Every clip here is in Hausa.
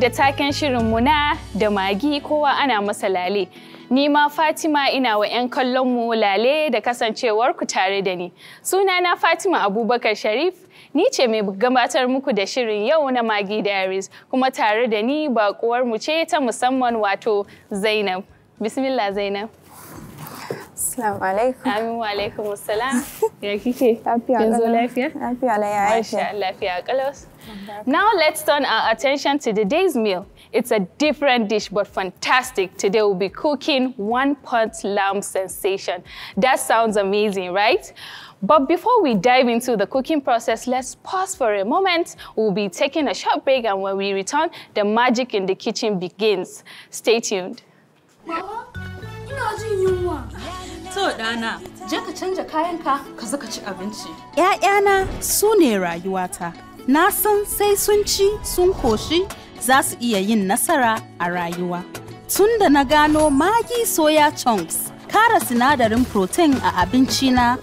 da taken shirin muna da magi kowa ana masa lale. Ni ma Fatima ina wa 'yan kallon mu lale da kasancewarku tare da ni. Sunana Fatima Abubakar Sharif, ni ce mai gabatar muku da shirin yau na Magi Diaries, kuma tare da ni bakuwarmu ce ta musamman wato Zainab. Bismillah Zainab. السلام عليكم وعليكم السلام يا kike yanzu lafiya lafiya la ya aisha lafiya kalos now let's turn our attention to today's meal it's a different dish but fantastic today we'll be cooking one pot lamb sensation that sounds amazing right but before we dive into the cooking process, let's pause for a moment. We'll be taking a short break and when we return, the magic in the kitchen begins. Stay tuned. Mama? ina jin yunwa to ɗana je ka canja kayanka ka zaka ci abinci ‘ya'yana su ne rayuwata na san sai sun ci sun koshi za su iya yin nasara a rayuwa tun da na gano magi soya chunks kara sinadarin protein a abincina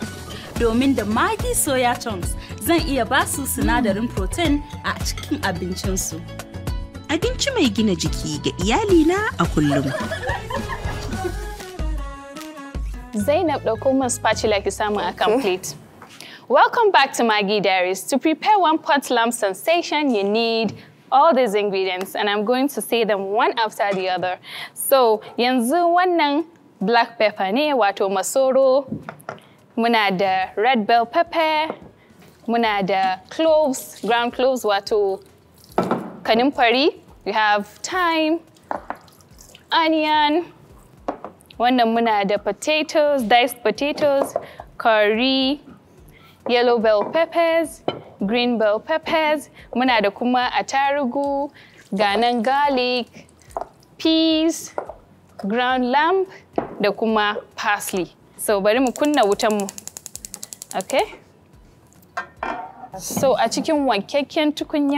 domin da magi soya chunks zan iya ba su sinadarin protein a cikin abincinsu abinci mai gina jiki ga iyalina a kullum Zainab, ɗauko min spatula like samu a complete. Welcome back to Maggie Diaries. To prepare one pot lamb sensation, you need all these ingredients and I'm going to say them one after the other. So, yanzu wannan black pepper ne wato masoro, muna da red bell pepper, muna da cloves, ground cloves wato kanimpari. You have thyme, onion, wannan muna da potatoes diced potatoes curry yellow bell peppers green bell peppers muna da kuma atarugu ganan garlic peas ground lamb da kuma parsley so bari mu kunna wutan mu, okay so a cikin wankakken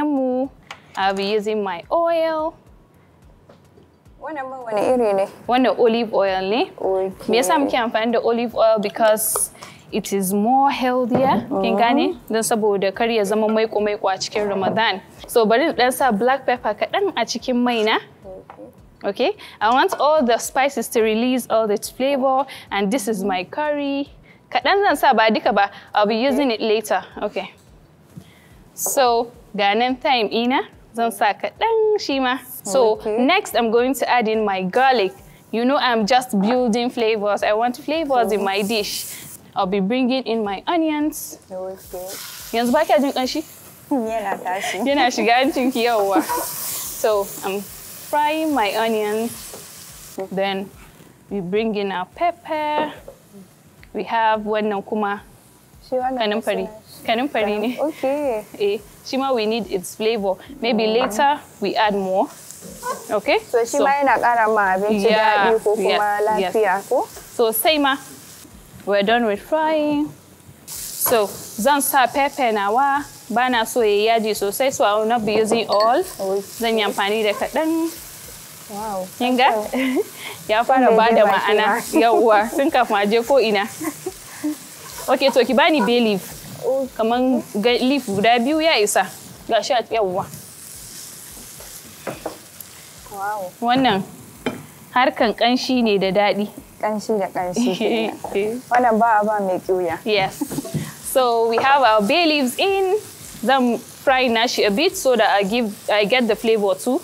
mu, I'll be using my oil Wannan ba wani iri ne? Wannan olive oil ne. Me yasa muke amfani da olive oil because it is more healthier kin mhm. gane don saboda kar ya zama maiko maiko a cikin Ramadan. So bari dan sa black pepper kaɗan a cikin mai na. Okay, I want all the spices to release all the flavor and this is my curry. Kaɗan zan sa ba duka ba, I'll be using it later. Okay. So, ga nan time ina. zan sa kaɗan shi ma. So next I'm going to add in my garlic. You know I'm just building flavors. I want flavors in my dish. I'll be bringing in my onions. Yanzu ba kya jin ƙanshi? Yana tashi. Yana shiga cinki yawwa. So I'm frying my onions. Then we bring in our pepper. We have wannan kuma kanumfari. Kanumfari ne. Okay. Eh, shima we need its flavor. Maybe mm. later we add more. Okay? So shima yana ƙara ma abinci daɗi ko kuma lafiya ko? So sai ma, we're done with frying. So zan sa pepper nawa ba na so ya yaji sosai so I will not be using all. Zan yi amfani da kaɗan. Wow. Kinga? ya fara ba da ma'ana yawwa tun kafin je ko ina. Okay, to ki bani bay leaf. kaman leaf guda biyu ya isa ga shi a yawwa wannan harkan kanshi ne da daɗi kanshi da kanshi wannan ba a ba mai ƙuya yes so we have our bay leaves in zan fry nashi a bit so that i give i get the flavor too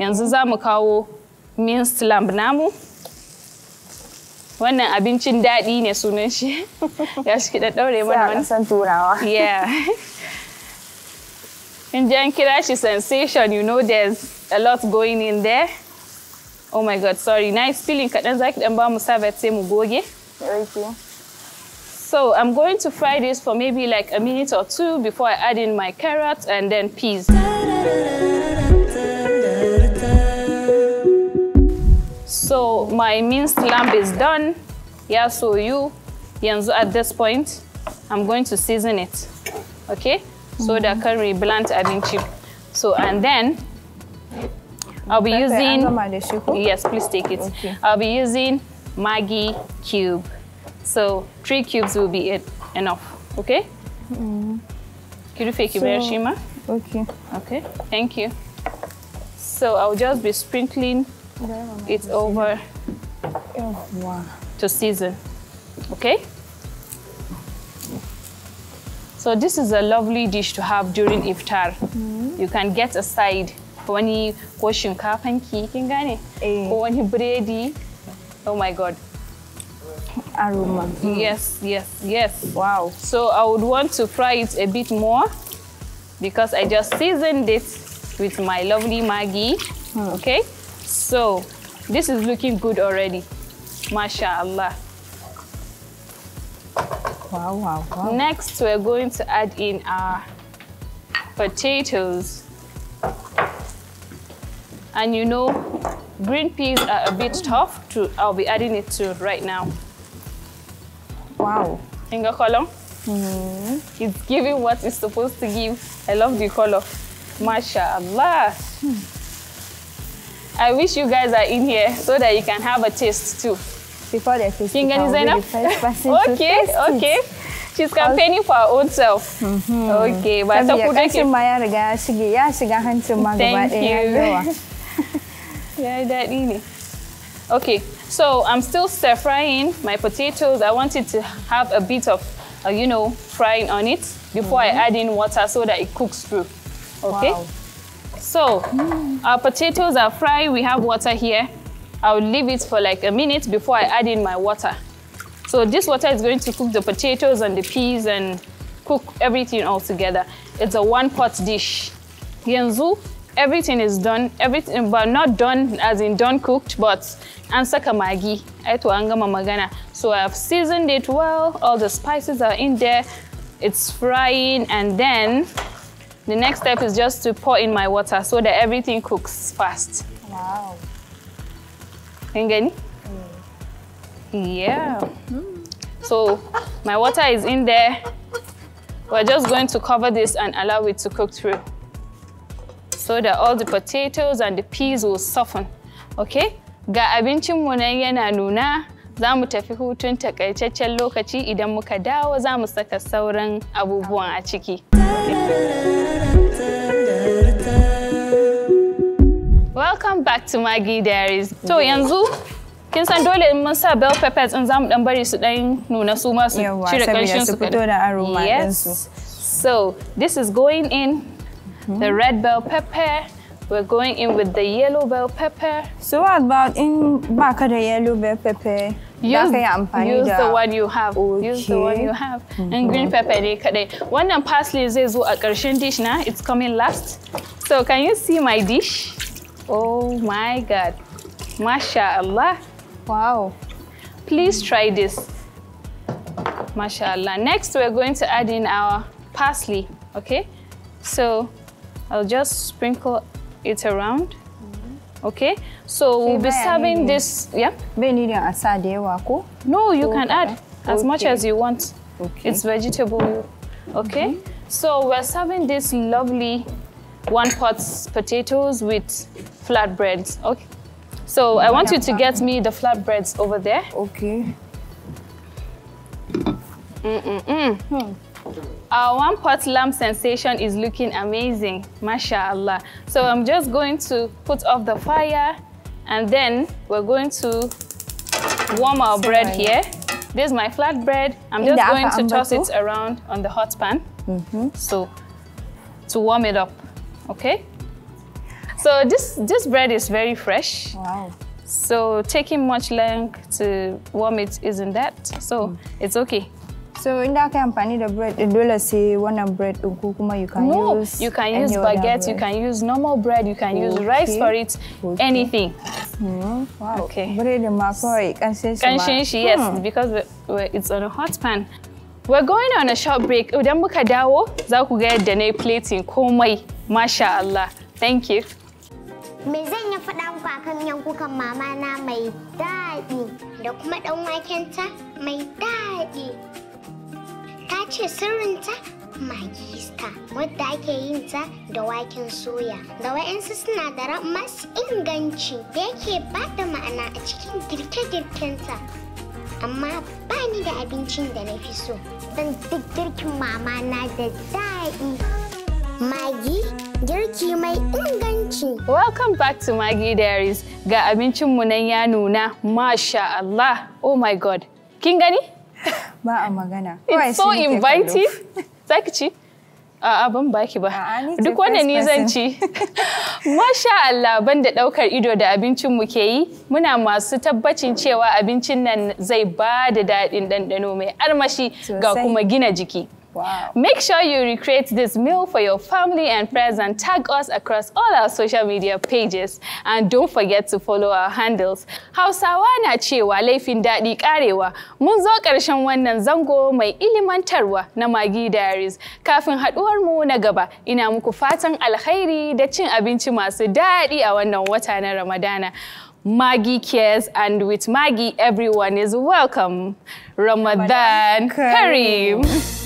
yanzu za mu kawo minced lamb namu Wannan abincin daɗi ne sunan shi. Ya shi da ɗaure mana wani. Sai turawa. Yeah. In Jan Kirashi sensation, you know there's a lot going in there. Oh my God, sorry. Nice feeling kaɗan zaki ɗan ba mu sabat sai mu goge. So I'm going to fry this for maybe like a minute or two before I add in my carrots and then peas. my minced lamb is done. Yeah, so you, yanzu at this point, I'm going to season it, okay? So that mm-hmm. can be blunt abinci. So, and then I'll be using, yes, please take it. Okay. I'll be using Maggi cube. So three cubes will be it, enough, okay? Mm-hmm. Could you fake so, Shima? Okay. Okay, thank you. So I'll just be sprinkling it over wow. To season, okay? So this is a lovely dish to have during iftar. Mm -hmm. You can get a side eh. wani ko shinkafanki kin kiki, ko oh my god aroma mm. yes yes yes wow so i would want to fry it a bit more because i just seasoned it with my lovely maggi mm. okay so this is looking good already MashaAllah. Wow, wow, wow. Next, we're going to add in our potatoes. And you know, green peas are a bit tough to, I'll be adding it to right now. Wow. Finger color? Mm -hmm. It's giving what it's supposed to give. I love the color. MashaAllah. Hmm. I wish you guys are in here so that you can have a taste too before the festival. King and designer. okay, okay. She's campaigning for her own self. Mm-hmm. Okay, but I ku dake. Kancin ma ya riga ya shige, ya shiga hancin ma gaba ɗaya yawa. Ya daɗi Okay, so I'm still stir frying my potatoes. I wanted to have a bit of, uh, you know, frying on it before mm -hmm. I mm-hmm. add in water so that it cooks through. Okay. Wow. So mm. our potatoes are fried. We have water here. I'll leave it for like a minute before I add in my water. So this water is going to cook the potatoes and the peas and cook everything all together. It's a one pot dish. Yanzu, everything is done, everything, but not done as in done cooked, but ansaka magi, eto angama magana. So I've seasoned it well, all the spices are in there, it's frying, and then the next step is just to pour in my water so that everything cooks fast. Wow. kin yeah so my water is in there we're just going to cover this and allow it to cook through so that all the potatoes and the peas will soften okay ga abincinmu nan yana nuna za mu tafi hutun takaitaccen lokaci idan muka dawo za mu saka sauran abubuwan a ciki. Welcome back to Maggie Diaries. To yanzu kin san dole in mun sa bell peppers in zamu dan bari su dan nuna su ma su cire kanshin su fito da aroma din su. So this is going in the red bell pepper. We're going in with the yellow bell pepper. So what about in baka da yellow bell pepper? Use, use the one you have. Okay. Use the one you have. Mm -hmm. And green pepper ne kadai. Wannan parsley zai zo a ƙarshen dish na. It's coming last. So can you see my dish? Oh my God. Allah! Wow. Please try this. Allah. Next, we're going to add in our parsley, okay? So I'll just sprinkle it around. Mm-hmm. Okay, so we'll be serving this. Yep. No, you can add as much as you want. Okay. It's vegetable. Okay, mm -hmm. so we're serving this lovely one pot potatoes with flatbreads. Okay. So I want you to get me the flatbreads over there. Okay. Mm-mm-mm. Hmm. Our one pot lamb sensation is looking amazing, mashallah. So I'm just going to put off the fire and then we're going to warm our bread here. This is my flatbread. I'm just going to toss it around on the hot pan. Mm -hmm. So to warm it up, okay? So this, this bread is very fresh. Wow. So taking much length to warm it isn't that. So mm. it's okay. So in that company, the bread, dole say one bread ukukuma you can no, use. you can use baguette, you can use normal bread, you can okay. use rice for it, okay. anything. Mm, wow. Okay. Bread makoi kanshinshi. yes, hmm. because we're, we're, it's on a hot pan. We're going on a short break. Idan muka dawo, za ku ga yadda na Masha Allah. Thank you. me zan ya faɗa muku akan yankukan mama na mai daɗi da kuma ɗan wakenta mai daɗi ta ce sirrinta magista wadda ake yin ta da waken soya da wa'yansu sinadaran masu inganci da yake ba da ma'ana a cikin girke-girkenta amma ba ni da abincin da na fi so Zan duk girkin mama na da daɗi magi girki mai inganci. Welcome back to Maggie Diaries. Ga abincinmu nan ya nuna, Masha Allah, oh my God. Kin gani? Ba a magana. It's so inviting. Zaki ci? A'a ban baki ba. Duk wanda ni zan ci. Masha Allah ban da ɗaukar ido da abincinmu ke yi, muna masu tabbacin cewa abincin nan zai ba da daɗin ɗanɗano mai armashi ga kuma gina jiki. Make sure you recreate this meal for your family and friends and tag us across all our social media pages. And don't forget to follow our handles. Hausawa na cewa laifin daɗi ƙarewa. Mun zo ƙarshen wannan zango mai ilimantarwa na Magi Diaries. Kafin haɗuwar mu na gaba, ina muku fatan alkhairi da cin abinci masu daɗi a wannan wata na Ramadana. Magi cares, and with Magi everyone is welcome. Ramadan, Ramadan Kareem.